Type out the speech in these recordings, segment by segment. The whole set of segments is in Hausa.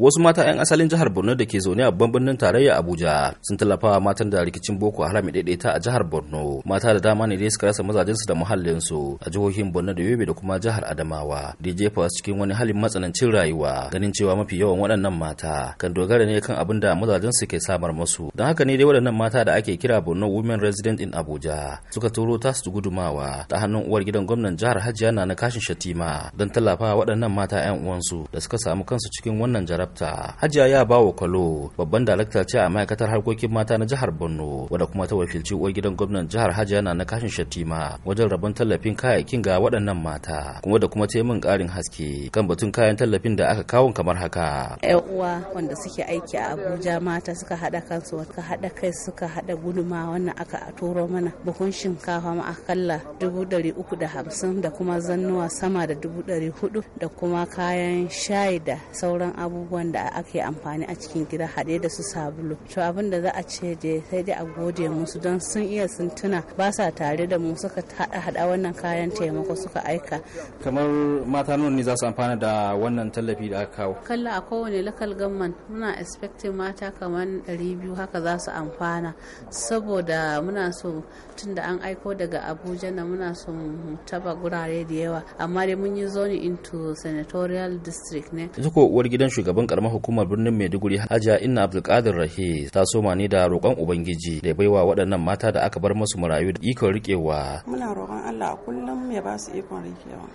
wasu mata 'yan asalin jihar borno da ke zaune a babban birnin tarayya abuja sun tallafawa matan da rikicin boko haram ya daidaita a jihar borno mata da dama ne dai suka rasa mazajinsu da muhallinsu a jihohin borno da yobe da kuma jihar adamawa da jefa cikin wani halin matsanancin rayuwa ganin cewa mafi yawan waɗannan mata kan dogara ne kan abin da su ke samar musu don haka ne dai waɗannan mata da ake kira borno women resident in abuja suka turo ta su gudumawa ta hannun uwar gidan gwamnan jihar hajiya na kashin shatima don tallafawa waɗannan mata 'yan uwansu da suka samu kansu cikin wannan jaraba Dakta Hajiya ya bawa Kwalo babban dalakta ce a ma'aikatar harkokin mata na jihar Borno wadda kuma ta wakilci uwar gidan gwamnan jihar Hajiya na na kashin shattima wajen rabon tallafin kayayyakin ga waɗannan mata kuma da kuma taimin ƙarin haske kan batun kayan tallafin da aka kawo kamar haka. ƴan uwa wanda suke aiki a Abuja mata suka haɗa kansu suka haɗa kai suka haɗa guduma wannan aka turo mana buhun shinkafa ma akalla dubu ɗari uku da hamsin da kuma zannuwa sama da dubu ɗari hudu da kuma kayan shayi da sauran abubuwan wanda ake amfani a cikin gida haɗe da su sabulu to abin da za a ce je sai dai a gode musu don sun iya sun tuna ba sa tare da mu suka haɗa haɗa wannan kayan taimako suka aika kamar mata nuna ne za su amfana da wannan tallafi da aka kawo kalla a kowane lokal gamman muna expecting mata kamar 200 haka za su amfana saboda muna so tun da an aiko daga abuja na muna so mu taba gurare da yawa amma dai mun yi zoni into senatorial district ne uwar gidan shugaban shugaban karamar hukumar birnin Maiduguri Hajiya Inna Abdulkadir Rahe ta soma ne da roƙon ubangiji da baiwa waɗannan mata da aka bar musu marayu da ikon riƙewa. Muna roƙon Allah kullum ya ba su ikon riƙewa.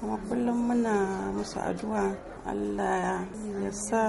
Kuma kullum muna musu addu'a Allah ya sa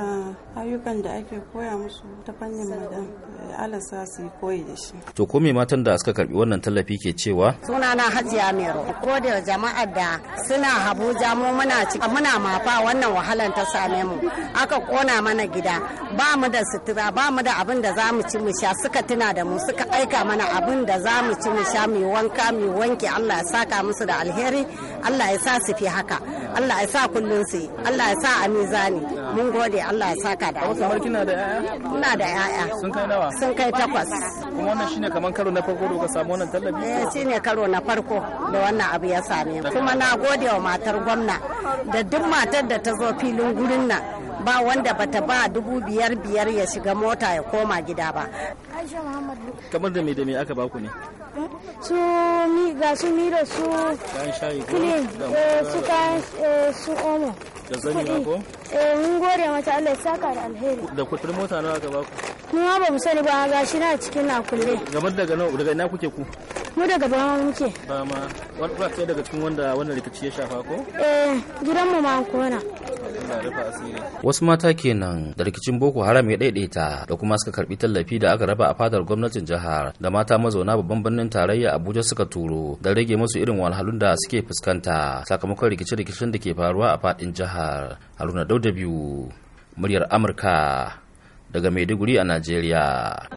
ayyukan da ake koya musu ta fannin madan Allah sa su yi koyi da shi. To ko me matan da suka karbi wannan tallafi ke cewa? Sunana Hajiya Mero. Ko da jama'ar da suna Habuja mu muna muna mafa wannan wahalan ta same mu. aka kona mana gida ba mu da sutura ba mu da abin da za mu ci mu sha suka tuna da mu suka aika mana abin da za mu ci mu sha mu wanka mu wanke Allah ya saka musu da alheri Allah ya sa su fi haka Allah ya sa kullun su Allah ya sa a mizani mun gode Allah ya saka da wasu kina da yaya ina da yaya sun kai nawa sun kai takwas kuma wannan shine kaman karo na farko da ka samu wannan tallafi eh shine karo na farko da wannan abu ya same kuma na gode wa matar gwamna da duk matar da ta zo filin gurin nan ba wanda bata ba dubu biyar biyar ya shiga mota ya koma gida ba kamar da me da me aka baku ne su mi ga su mi da su clean eh, su kayan eh, su omo da zani ko eh mun gode mata Allah ya saka da alheri da kudin mota nawa aka baku mu ba mu sani ba shi na cikin na kulle game daga nawa daga ina kuke ku mu daga bama muke bama wani kuna daga cikin wanda wannan rikici ya shafa ko eh gidan mu ma an kona wasu mata kenan da rikicin boko haram ya daidaita da kuma suka karbi tallafi da aka raba a fadar gwamnatin jihar da mata mazauna babban birnin tarayya abuja suka turo da rage musu irin wahalhalun da suke fuskanta sakamakon rikice-rikicen da ke faruwa a fadin jihar haruna dauda biyu muryar amurka daga maiduguri a najeriya